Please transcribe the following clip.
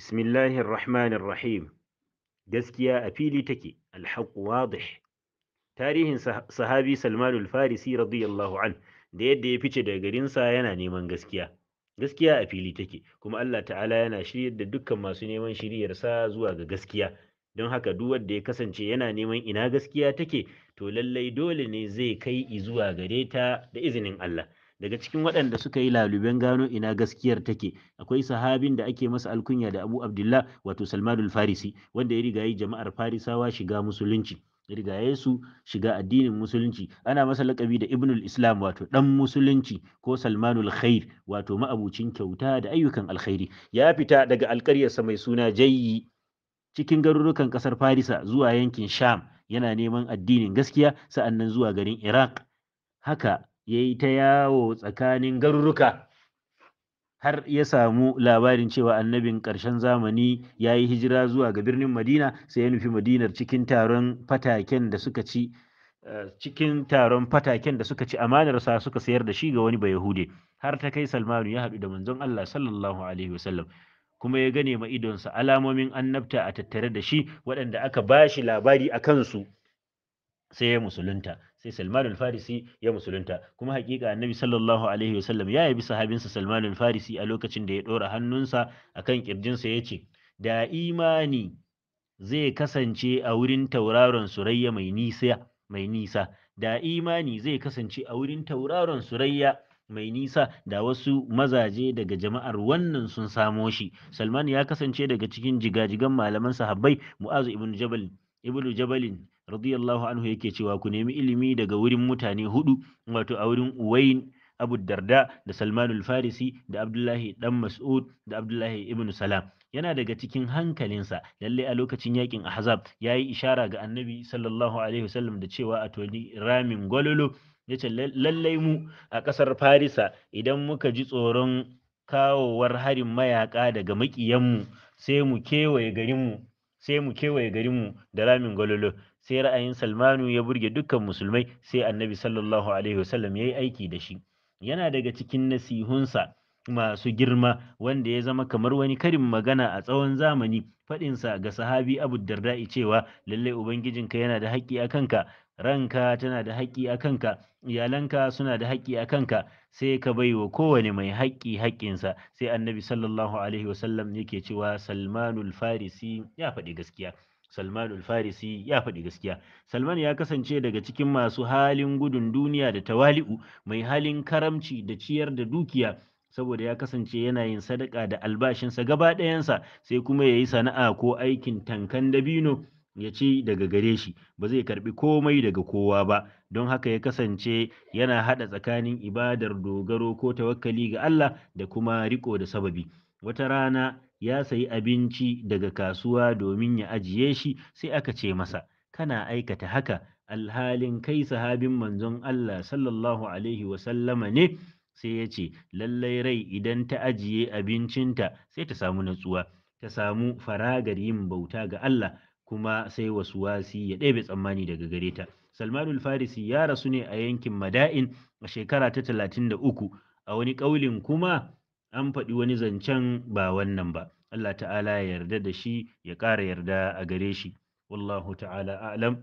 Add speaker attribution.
Speaker 1: Bismillahir Rahmanir Rahim. Gaskiya a fili take, alhaq wadih. Tarihin sahabi Salman al-Farisi radiyallahu an da yadda ya fice daga sa yana neman gaskiya. Gaskiya a fili take, kuma Allah Ta'ala yana shiryar da dukkan masu neman shiryarsa zuwa ga gaskiya. Don haka duk wanda ya kasance yana neman ina gaskiya take, to lallai dole ne zai kai zuwa gare ta da izinin Allah. daga cikin waɗanda suka yi laluben gano ina gaskiyar take akwai sahabin da ake masa alkunya da abu abdullah wato salmanul farisi wanda ya riga yi jama'ar farisawa shiga musulunci ya rigaye su shiga addinin musulunci ana masa lakabi da ibnul islam wato dan musulunci ko salmanul khair wato ma'abucin kyauta da ayyukan alkhairi ya fita daga alƙaryarsa mai suna jayyi cikin garurukan ƙasar farisa zuwa yankin sham yana neman addinin gaskiya sa'annan zuwa garin iraq haka ya ta yawo tsakanin garuruka har ya samu labarin cewa annabin ƙarshen zamani ya yi hijira zuwa ga birnin madina sai ya nufi madinar cikin taron fataken da suka ci eh, cikin taron fataken da suka ci amanarsa suka sayar da shi ga wani bayahude har ta kai salmanu ya haɗu da manzon allah sallallahu alaihi wasallam kuma ya gane ma idonsa alamomin annabta a tattare da shi waɗanda aka ba shi labari a kansu sai ya musulunta sai salmanul farisi ya musulunta kuma hakika Annabi sallallahu alaihi wasallam ya yabi sahabinsa salmanul farisi a lokacin da ya dora hannunsa akan kirjinsa yace da imani zai kasance a wurin tauraron Surayya mai nisa mai nisa da imani zai kasance a wurin tauraron Surayya mai nisa da wasu mazaje daga jama'ar wannan sun samo shi Salman ya kasance daga cikin jigajigan malaman sahabbai Mu'azu ibn Jabal ibnu jabalin radiyallahu anhu yake cewa ku nemi ilimi daga wurin mutane hudu wato a wurin uwayn abu darda da salmanul farisi da abdullahi dan mas'ud da abdullahi ibn salam yana daga cikin hankalinsa lalle a lokacin yakin ahzab ya yi ishara ga annabi sallallahu alaihi wasallam da cewa a toni ramin gwalolo ya ce lallai mu a ƙasar farisa idan muka ji tsoron kawowar harin mayaka daga maƙiyanmu sai mu kewaye garinmu sai mu kewaye garinmu da ramin gwalolo sai ra'ayin salmanu ya burge dukkan musulmai sai annabi sallallahu alaihi wasallam ya yi aiki da shi yana daga cikin nasihunsa masu girma wanda ya zama kamar wani karin magana a tsawon zamani faɗinsa ga sahabi abu darda'i cewa lallai ubangijinka yana da haƙƙi a kanka ranka tana da haƙƙi a kanka iyalanka suna da haƙƙi a kanka sai ka baiwa kowane mai haƙƙi haƙƙinsa sai annabi sallallahu alaihi wasallam yake cewa salmanul farisi ya faɗi gaskiya salmanul farisi ya faɗi gaskiya salman ya kasance daga cikin masu halin gudun duniya da tawali'u mai halin karamci da ciyar da dukiya saboda ya kasance yana yin sadaka da albashinsa gaba ɗayansa sai kuma ya yi sana'a ko aikin tankan dabino ya ci daga gare shi ba zai karbi komai daga kowa ba don haka ya kasance yana hada tsakanin ibadar dogaro ko tawakkali ga Allah da kuma riko da sababi wata rana ya sayi abinci daga kasuwa domin ya ajiye shi sai aka ce masa kana aikata haka alhalin kai sahabin manzon Allah sallallahu alaihi wasallama ne sai ya ce lallai rai idan ta ajiye abincinta sai ta samu natsuwa ta samu faragar yin bauta ga Allah kuma sai wasuwasi ya ɗebe tsammani daga gare ta salmanul farisi ya rasu ne a yankin mada'in a shekara ta talatin da uku a wani ƙaulin kuma an faɗi wani zancen ba wannan ba Allah ta'ala ya yarda da shi ya ƙara yarda a gare shi wallahu ta'ala a'lam